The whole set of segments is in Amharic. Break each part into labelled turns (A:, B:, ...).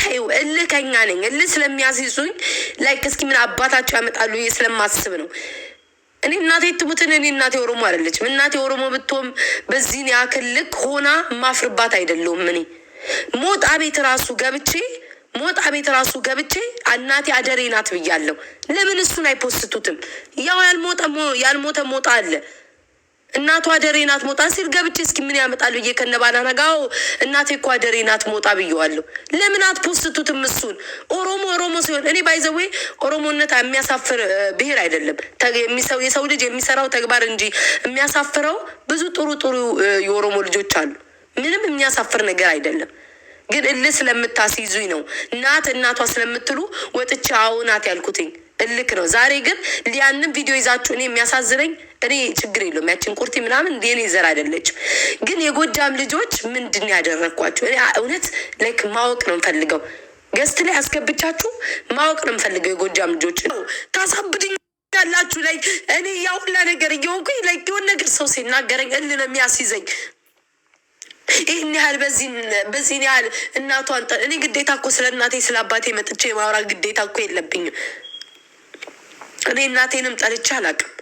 A: ተይው፣ እልከኛ ነኝ። እልህ ስለሚያስይዙኝ ላይክ እስኪ ምን አባታቸው ያመጣሉ ስለማስብ ነው። እኔ እናቴ ትሙትን እኔ እናቴ ኦሮሞ አይደለችም። እናቴ ኦሮሞ ብትሆን በዚህን ያክል ልክ ሆና ማፍርባት አይደለውም። እኔ ሞጣ ቤት ራሱ ገብቼ ሞጣ ቤት ራሱ ገብቼ እናቴ አደሬ ናት ብያለሁ። ለምን እሱን አይፖስቱትም? ያው ያልሞተ ሞጣ አለ እናቷ አደሬ ናት ሞጣ ሲል ገብቼ እስኪ ምን ያመጣሉ ብዬ ከነ ነጋው እናቴ እኮ አደሬ ናት ሞጣ ብየዋለሁ። ለምን አትፖስቱትም? እሱን ኦሮሞ ኦሮሞ ሲሆን እኔ ባይዘዌ ኦሮሞነት የሚያሳፍር ብሄር አይደለም። የሰው ልጅ የሚሰራው ተግባር እንጂ የሚያሳፍረው ብዙ ጥሩ ጥሩ የኦሮሞ ልጆች አሉ። ምንም የሚያሳፍር ነገር አይደለም። ግን እልህ ስለምታስይዙኝ ነው ናት እናቷ ስለምትሉ ወጥቼ አዎ ናት ያልኩትኝ እልክ ነው። ዛሬ ግን ሊያንም ቪዲዮ ይዛችሁ እኔ የሚያሳዝነኝ እኔ ችግር የለውም። ያችን ቁርቲ ምናምን የኔ ዘር አይደለችም። ግን የጎጃም ልጆች ምንድን ያደረግኳቸው እውነት ላይክ ማወቅ ነው የምፈልገው። ገስት ላይ አስገብቻችሁ ማወቅ ነው የምፈልገው። የጎጃም ልጆች ታሳብድኝ ያላችሁ ላይ እኔ ያሁላ ነገር እየሆንኩኝ ላይ የሆን ነገር ሰው ሲናገረኝ እል ነው የሚያስይዘኝ ይህን ያህል በዚህን ያህል እናቷን እኔ ግዴታ እኮ ስለ እናቴ ስለ አባቴ መጥቼ የማውራት ግዴታ እኮ የለብኝም። እኔ እናቴንም ጠልቼ አላውቅም።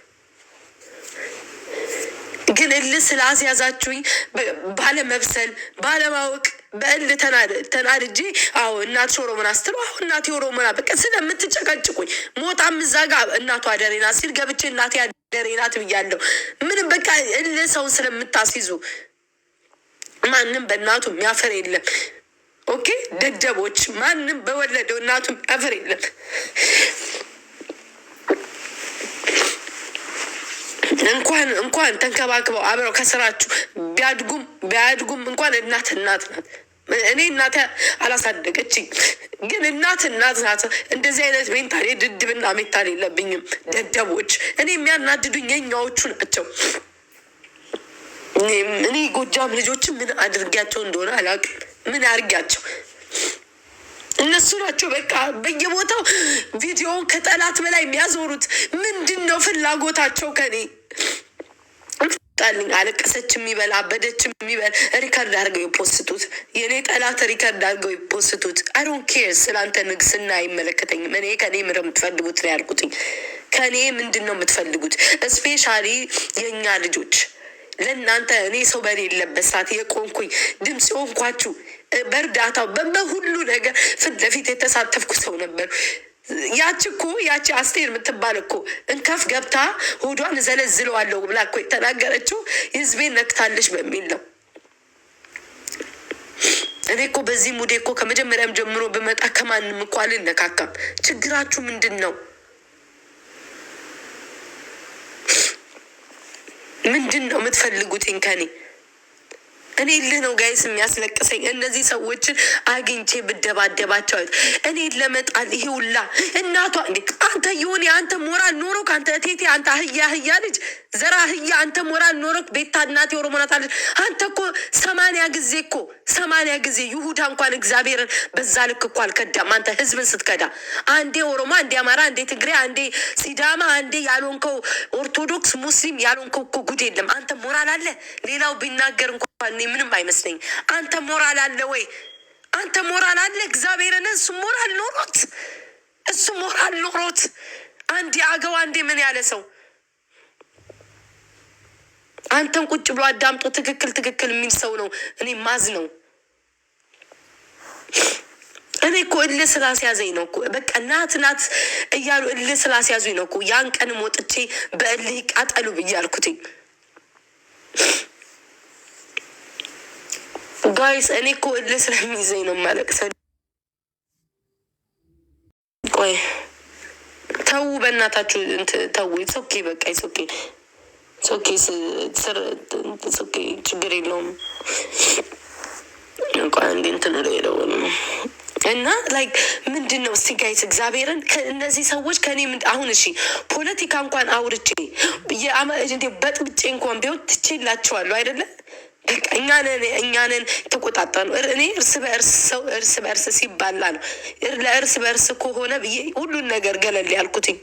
A: ግን እልህ ስላስያዛችሁኝ ባለመብሰል ባለማወቅ በእል ተናድጄ አዎ እናት ኦሮሞና ስትሉ አሁ እናቴ ኦሮሞና በቃ ስለምትጨቀጭቁኝ ሞጣም እዛ ጋር እናቷ አደሬ ሲል ገብቼ እናቴ አደሬ ብያለሁ። ምንም በቃ እል ሰውን ስለምታስይዙ ማንም በእናቱ የሚያፈር የለም። ኦኬ ደደቦች፣ ማንም በወለደው እናቱ የሚያፈር የለም። እንኳን እንኳን ተንከባክበው አብረው ከስራችሁ ቢያድጉም ቢያድጉም እንኳን እናት እናት ናት። እኔ እናተ አላሳደገችኝ፣ ግን እናት እናት ናት። እንደዚህ አይነት ሜንታሌ ድድብና ሜንታሌ የለብኝም። ደደቦች እኔ የሚያናድዱኝ የኛዎቹ ናቸው። እኔ ጎጃም ልጆችን ምን አድርጊያቸው እንደሆነ አላውቅም። ምን አድርጊያቸው እነሱ ናቸው በቃ በየቦታው ቪዲዮውን ከጠላት በላይ የሚያዞሩት። ምንድን ነው ፍላጎታቸው ከኔ? ጣልኝ አለቀሰች የሚበል አበደች የሚበል ሪከርድ አድርገው የፖስቱት የእኔ ጠላት ሪከርድ አድርገው የፖስቱት። አይዶን ኬር ስለአንተ ንግስና አይመለከተኝም። እኔ ከኔ ምረ የምትፈልጉት ነው ያልኩትኝ። ከኔ ምንድን ነው የምትፈልጉት? እስፔሻሊ የእኛ ልጆች ለእናንተ እኔ ሰው በሌለበት ሰዓት የቆንኩኝ ድምፅ የሆንኳችሁ በእርዳታው በሁሉ ነገር ፊት ለፊት የተሳተፍኩ ሰው ነበር። ያቺ እኮ ያቺ አስቴር የምትባል እኮ እንከፍ ገብታ ሆዷን ዘለዝለዋለሁ ብላ እኮ የተናገረችው ህዝቤን ነክታለች በሚል ነው። እኔ እኮ በዚህ ሙዴ እኮ ከመጀመሪያም ጀምሮ ብመጣ ከማንም እኮ አልነካካም። ችግራችሁ ምንድን ነው? ምንድን ነው የምትፈልጉትኝ ከኔ? እኔ ልህ ነው ጋይስ የሚያስለቅሰኝ እነዚህ ሰዎችን አግኝቼ ብደባደባቸው እኔ ለመጣል ይሄ ሁላ እናቷ አንተ ይሁን አንተ ሞራል ኖሮ አንተ እቴቴ፣ አንተ አህያ አህያ ልጅ ዘራ አህያ፣ አንተ ሞራል ኖሮክ ቤታ እናት ኦሮሞ ናት አለች። አንተ እኮ ሰማንያ ጊዜ እኮ ሰማንያ ጊዜ ይሁዳ እንኳን እግዚአብሔርን በዛ ልክ እኮ አልከዳም። አንተ ህዝብን ስትከዳ አንዴ ኦሮሞ፣ አንዴ አማራ፣ አንዴ ትግሬ፣ አንዴ ሲዳማ፣ አንዴ ያልሆንከው ኦርቶዶክስ፣ ሙስሊም ያልሆንከው እኮ ጉድ የለም። አንተ ሞራል አለ። ሌላው ቢናገር እንኳን ምንም አይመስለኝ። አንተ ሞራል አለ ወይ? አንተ ሞራል አለ? እግዚአብሔርን እሱ ሞራል ኖሮት እሱ ሞራል ኖሮት አንድ አገው አንዴ ምን ያለ ሰው አንተን ቁጭ ብሎ አዳምጦ ትክክል ትክክል የሚል ሰው ነው እኔ ማዝ ነው። እኔ እኮ እልህ ስላስያዘኝ ነው እኮ በቃ ናት ናት እያሉ እልህ ስላስያዙኝ ነው እኮ ያን ቀንም ወጥቼ በእልህ ይቃጠሉ ብያልኩትኝ። ጋይስ እኔ እኮ እልህ ስለሚይዘኝ ነው ማለቅሰ ቆይ ተዉ በእናታችሁ ተዉ። ሶኬ በቃ ሶኬ ሶኬ ሶኬ ችግር የለውም። እንኳ እንዴ እንትን የለውም እና ላይክ ምንድን ነው እስቲ ጋይስ እግዚአብሔርን እነዚህ ሰዎች ከኔ ምን አሁን እሺ ፖለቲካ እንኳን አውርቼ በጥብጬ እንኳን ቢሆን ትቼላቸዋለሁ አይደለም እኛንን እኛንን ተቆጣጠር ነው። እኔ እርስ በእርስ ሰው እርስ በእርስ ሲባላ ነው ለእርስ በእርስ ከሆነ ብዬ ሁሉን ነገር ገለል ያልኩትኝ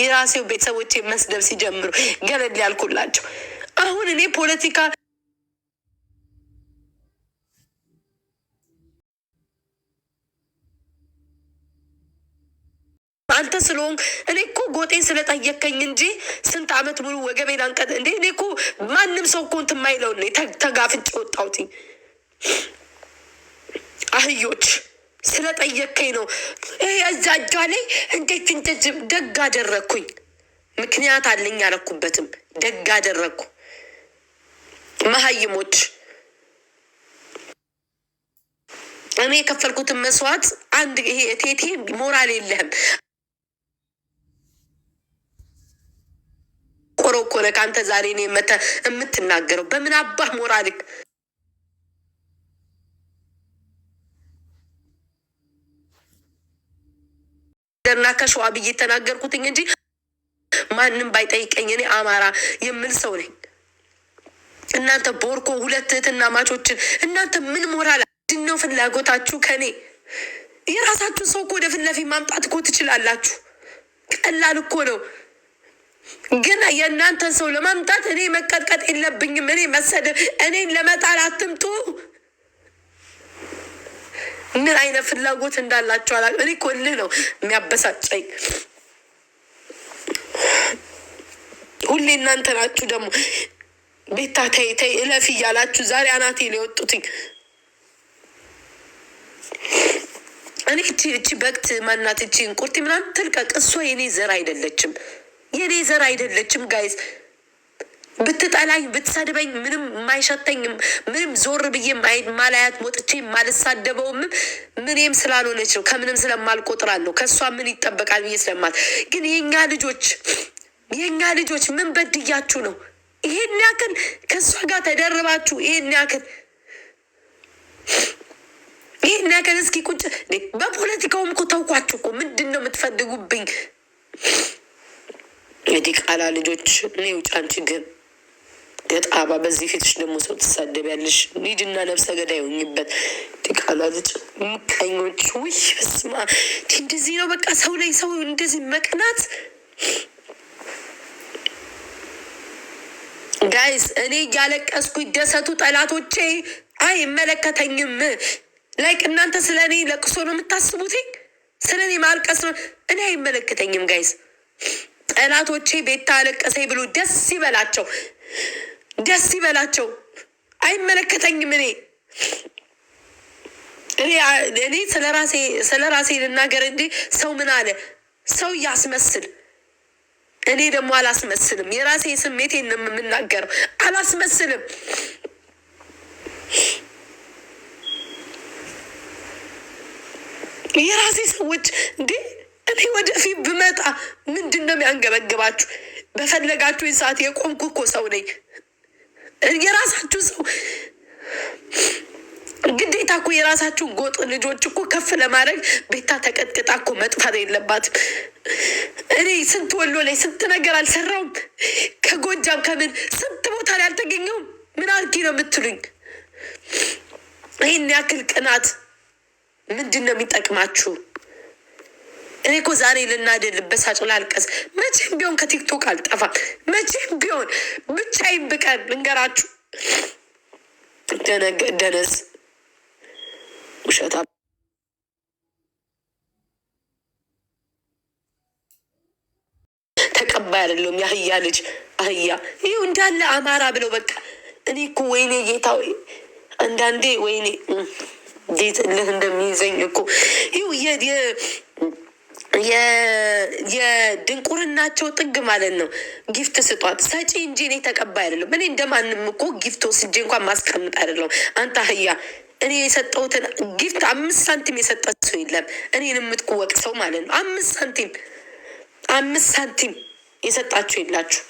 A: የራሴው ቤተሰቦቼ መስደብ ሲጀምሩ ገለል ያልኩላቸው። አሁን እኔ ፖለቲካ አንተ ስለሆን እኔ እኮ ጎጤን ስለጠየከኝ እንጂ ስንት አመት ሙሉ ወገቤን አንቀጥ እንዴ እኔ እኮ ማንም ሰው እኮ እንትን የማይለው ተጋፍጭ ወጣውቲ አህዮች ስለጠየከኝ ነው። እዛ እጇ ላይ እንዴት እንደ ደግ አደረግኩኝ። ምክንያት አለኝ አለኩበትም ደግ አደረግኩ። መሀይሞች እኔ የከፈልኩትን መስዋዕት አንድ ይሄ ቴቴ ሞራል የለህም ኮሮ እኮ ነህ። ከአንተ ዛሬ እኔ የምትናገረው በምን አባህ ሞራልክ ደና ከሸዋ ብዬ የተናገርኩትኝ እንጂ ማንም ባይጠይቀኝ እኔ አማራ የምል ሰው ነኝ። እናንተ ቦርኮ ሁለት እህትና ማቾችን እናንተ ምን ሞራል ድነው ፍላጎታችሁ ከኔ የራሳችሁን ሰው እኮ ወደ ፊት ለፊት ማምጣት እኮ ትችላላችሁ። ቀላል እኮ ነው። ግን የእናንተን ሰው ለማምጣት እኔ መቀጥቀጥ የለብኝም። እኔ መሰደብ፣ እኔን ለመጣል አትምጡ። ምን አይነት ፍላጎት እንዳላቸው አላ እኔ እኮ ነው የሚያበሳጨኝ። ሁሌ እናንተ ናችሁ ደግሞ ቤታ ተይ ተይ እለፊ እያላችሁ ዛሬ አናቴ ሊወጡትኝ። እኔ እቺ በቅት ማናት እቺ እንቁርቲ ምናምን ትልቀቅ። እሷ የኔ ዘር አይደለችም። የኔ ዘር አይደለችም ጋይዝ። ብትጠላኝ ብትሰድበኝ ምንም የማይሸተኝም ምንም ዞር ብዬ ማላያት ወጥቼ ማልሳደበውም ምንም ስላልሆነች ነው ከምንም ስለማልቆጥራለሁ ከእሷ ምን ይጠበቃል ብዬ ስለማል። ግን የእኛ ልጆች የእኛ ልጆች ምን በድያችሁ ነው ይሄን ያክል ከእሷ ጋር ተደርባችሁ ይሄን ያክል ይሄን ያክል እስኪ ቁጭ በፖለቲካውም እኮ ተውኳችሁ እኮ ምንድን ነው የምትፈልጉብኝ? የዲቃላ ልጆች እኔ ውጭ አንቺ ግን የጣባ በዚህ ፊትሽ ደግሞ ሰው ትሳደቢያለሽ። ሂድና ነብሰ ገዳይ ሆኝበት ዲቃላ ልጅ ምቀኞች። ውይ በስመ አብ እንደዚህ ነው በቃ ሰው ላይ ሰው እንደዚህ መቅናት። ጋይስ እኔ እያለቀስኩ ይደሰቱ ጠላቶቼ፣ አይመለከተኝም። ላይክ እናንተ ስለ እኔ ለቅሶ ነው የምታስቡት፣ ስለ እኔ ማልቀስ ነው። እኔ አይመለከተኝም ጋይስ ጠላቶቼ ቤታ አለቀሰኝ ብሎ ደስ ይበላቸው፣ ደስ ይበላቸው። አይመለከተኝም። እኔ እኔ ስለ ራሴ ስለ ራሴ ልናገር እንዴ። ሰው ምን አለ? ሰው እያስመስል እኔ ደግሞ አላስመስልም። የራሴ ስሜቴን ነው የምናገረው። አላስመስልም። የራሴ ሰዎች እንዴ እኔ ወደፊት ብመጣ ምንድን ነው የሚያንገበግባችሁ? በፈለጋችሁኝ ሰዓት የቆምኩ እኮ ሰው ነኝ። የራሳችሁ ሰው ግዴታ እኮ የራሳችሁን ጎጥ ልጆች እኮ ከፍ ለማድረግ ቤታ ተቀጥቅጣ እኮ መጥፋት የለባትም። እኔ ስንት ወሎ ላይ ስንት ነገር አልሰራውም፣ ከጎጃም ከምን ስንት ቦታ ላይ አልተገኘውም። ምን አርጊ ነው የምትሉኝ? ይህን ያክል ቅናት ምንድን ነው የሚጠቅማችሁ? እኔ እኮ ዛሬ ልናደል ልበሳጭ ላልቀስ መቼም ቢሆን ከቲክቶክ አልጠፋ መቼም ቢሆን ብቻ ይብቀን ልንገራችሁ ደነዝ ውሸታ ተቀባይ አይደለሁም። የአህያ ልጅ አህያ ይሁ እንዳለ አማራ ብለው በቃ እኔ እኮ ወይኔ ጌታ ወይ አንዳንዴ ወይኔ ጌትልህ እንደሚይዘኝ እኮ ይሁ የድንቁርናቸው ጥግ ማለት ነው። ጊፍት ስጧት ሰጪ እንጂ እኔ ተቀባይ አይደለም። እኔ እንደማንም እኮ ጊፍት ወስጄ እንኳን ማስቀምጥ አይደለም። አንተ አህያ እኔ የሰጠሁትን ጊፍት አምስት ሳንቲም የሰጠ ሰው የለም። እኔን የምትቁወቅ ሰው ማለት ነው። አምስት ሳንቲም አምስት ሳንቲም የሰጣችሁ የላችሁ።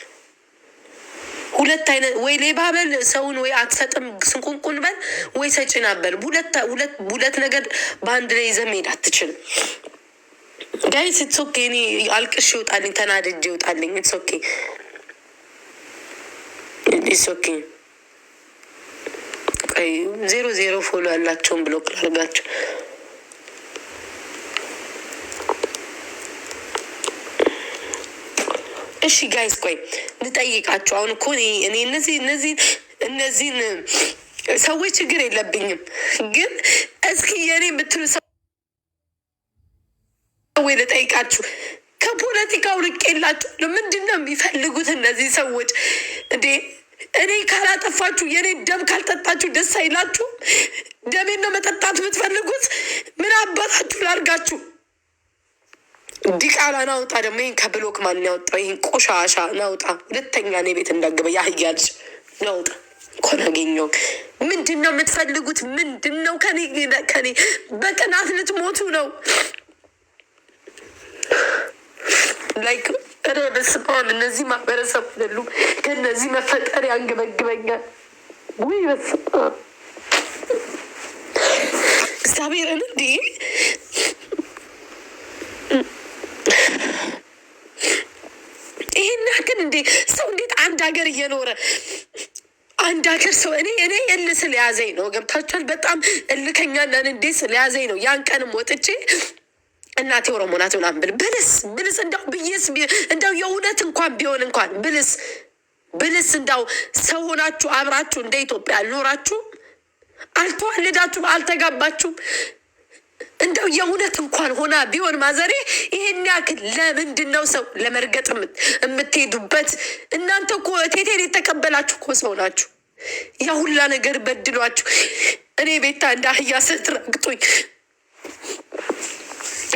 A: ሁለት አይነት ወይ ሌባ በል ሰውን፣ ወይ አትሰጥም ስንቁንቁን በል ወይ ሰጪ በል። ሁለት ነገር በአንድ ላይ ይዘህ መሄድ አትችልም። ጋይስ ኢትስ ኦኬ። እኔ አልቅሽ ይውጣልኝ፣ ተናድጅ ይውጣልኝ። ኢትስ ኦኬ ኢትስ ኦኬ። ዜሮ ዜሮ ፎሎ ያላቸውን ብሎክ ላርጋቸው። እሺ ጋይስ ቆይ ልጠይቃቸው። አሁን እኮ እኔ እነዚህ እነዚህ እነዚህን ሰዎች ችግር የለብኝም፣ ግን እስኪ የኔ ብትሉ ወይ ልጠይቃችሁ፣ ከፖለቲካው ርቄላችሁ የላችሁ ምንድን ነው የሚፈልጉት እነዚህ ሰዎች እንዴ? እኔ ካላጠፋችሁ የእኔ ደም ካልጠጣችሁ ደስ አይላችሁ? ደሜን ነው መጠጣት የምትፈልጉት? ምን አባታችሁ ላርጋችሁ? ዲቃላ ናውጣ ደግሞ ይህን ከብሎክ ማን ያወጣው? ይህን ቆሻሻ ናውጣ። ሁለተኛ እኔ ቤት እንዳገበ ያህያልች ናውጣ። እንኳን አገኘው። ምንድን ነው የምትፈልጉት? ምንድን ነው ከኔ በቅናት ልትሞቱ ነው? ላይክ ረ በስማን እነዚህ ማህበረሰብ አይደሉም። ከእነዚህ መፈጠር ያንገበግበኛል። ውይ በስማ እግዚአብሔርን እንዲ ይሄን ያክል እንዴ ሰው እንዴት አንድ ሀገር እየኖረ አንድ ሀገር ሰው እኔ እኔ እል ስለያዘኝ ነው። ገብታችኋል? በጣም እልከኛና እንዴት ስለያዘኝ ነው ያን ቀንም ወጥቼ እናቴ ኦሮሞ ናት ምናምን ብል ብልስ ብልስ እንዳው ብዬስ እንዳው የእውነት እንኳን ቢሆን እንኳን ብልስ ብልስ እንዳው ሰው ሆናችሁ አብራችሁ እንደ ኢትዮጵያ አልኖራችሁም፣ አልተዋልዳችሁም አልተጋባችሁም። እንደው የእውነት እንኳን ሆና ቢሆን ማዘሬ ይሄን ያክል ለምንድን ነው ሰው ለመርገጥ የምትሄዱበት? እናንተ እኮ ቴቴን የተቀበላችሁ እኮ ሰው ናችሁ። ያ ሁላ ነገር በድሏችሁ እኔ ቤታ እንደ አህያ ስትረግጡኝ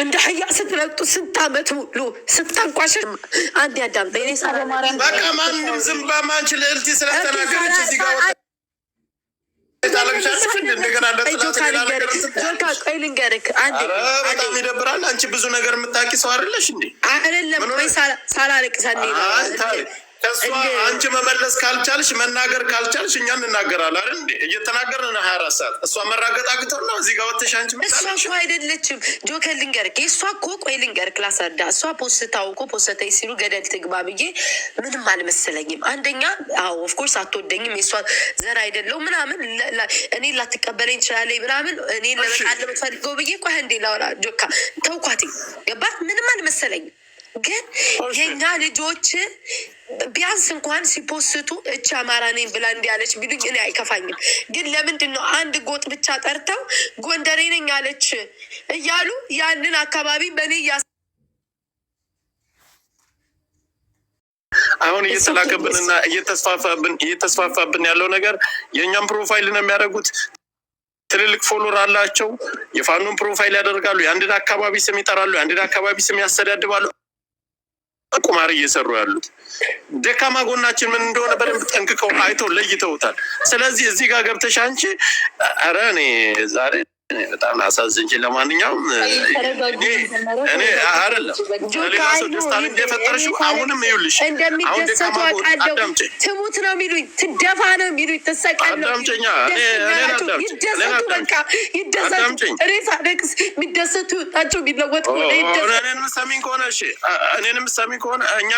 A: እንደ ሀያ ስትረጡ ስንት አመት ሙሉ ስታንቋሸሽ አንድ ያዳምጠ
B: በቃ ማንም ዝም በማንች ልዕልት ስለተናገረች እዚህ ጋር ቆይ ልንገርህ፣ በጣም ይደብራል። አንቺ ብዙ ነገር የምታውቂ ሰው አይደለሽ እንዴ?
A: አይደለም ሳላልቅ
B: እሷ አንቺ መመለስ ካልቻልሽ መናገር ካልቻልሽ እኛ እንናገራለን አይደል እንዴ? እየተናገርን ነው ሀያ አራት ሰዓት። እሷ መራገጥ አግተር ነው እዚህ ጋር ወተሽ አንቺ
A: እሷ እኮ አይደለችም ጆከር፣ ልንገርክ፣ እሷ እኮ ቆይ ልንገርክ፣ ላስረዳ። እሷ ፖስታው እኮ ፖስተይ ሲሉ ገደል ትግባ ብዬ ምንም አልመሰለኝም። አንደኛ አዎ ኦፍኮርስ አትወደኝም፣ የእሷ ዘር አይደለው ምናምን፣ እኔ ላትቀበለኝ ትችላለች ምናምን፣ እኔ ለመጣ ለምትፈልገው ብዬ ቆይ እንዴ ላወራ ጆካ ተውኳት። ገባት ምንም አልመሰለኝም ግን የኛ ልጆች ቢያንስ እንኳን ሲፖስቱ እች አማራ ነኝ ብላ እንዲያለች ቢሉኝ እኔ አይከፋኝም። ግን ለምንድን ነው አንድ ጎጥ ብቻ ጠርተው ጎንደሬ ነኝ አለች እያሉ ያንን አካባቢ በእኔ እያ
B: አሁን እየተላከብንና እየተስፋፋብን እየተስፋፋብን ያለው ነገር የእኛም ፕሮፋይል ነው የሚያደርጉት። ትልልቅ ፎሎር አላቸው። የፋኖን ፕሮፋይል ያደርጋሉ። የአንድን አካባቢ ስም ይጠራሉ። የአንድን አካባቢ ስም ያስተዳድባሉ። ቁማር እየሰሩ ያሉት ደካማ ጎናችን ምን እንደሆነ በደንብ ጠንቅቀው አይተው ለይተውታል። ስለዚህ እዚህ ጋር ገብተሽ አንቺ ኧረ እኔ ዛሬ በጣም አሳዘንች። ለማንኛውም እኔ አይደለም ሌላ ሰው እንደፈጠረሽ አሁንም ይኸውልሽ
A: እንደሚደሰቱ አውቃለሁ። ትሙት ነው የሚሉኝ፣ ትደፋ ነው የሚሉኝ፣ ትሰቀል ነው ይደሰቱ፣ በቃ ይደሰቱ። እኔ ሳለቅስ የሚደሰቱ ናቸው የሚለወጥ
B: ከሆነ ይደሰቱ። እኔን የምትሰሚኝ ከሆነ እኔንም ሰሚን ከሆነ እኛ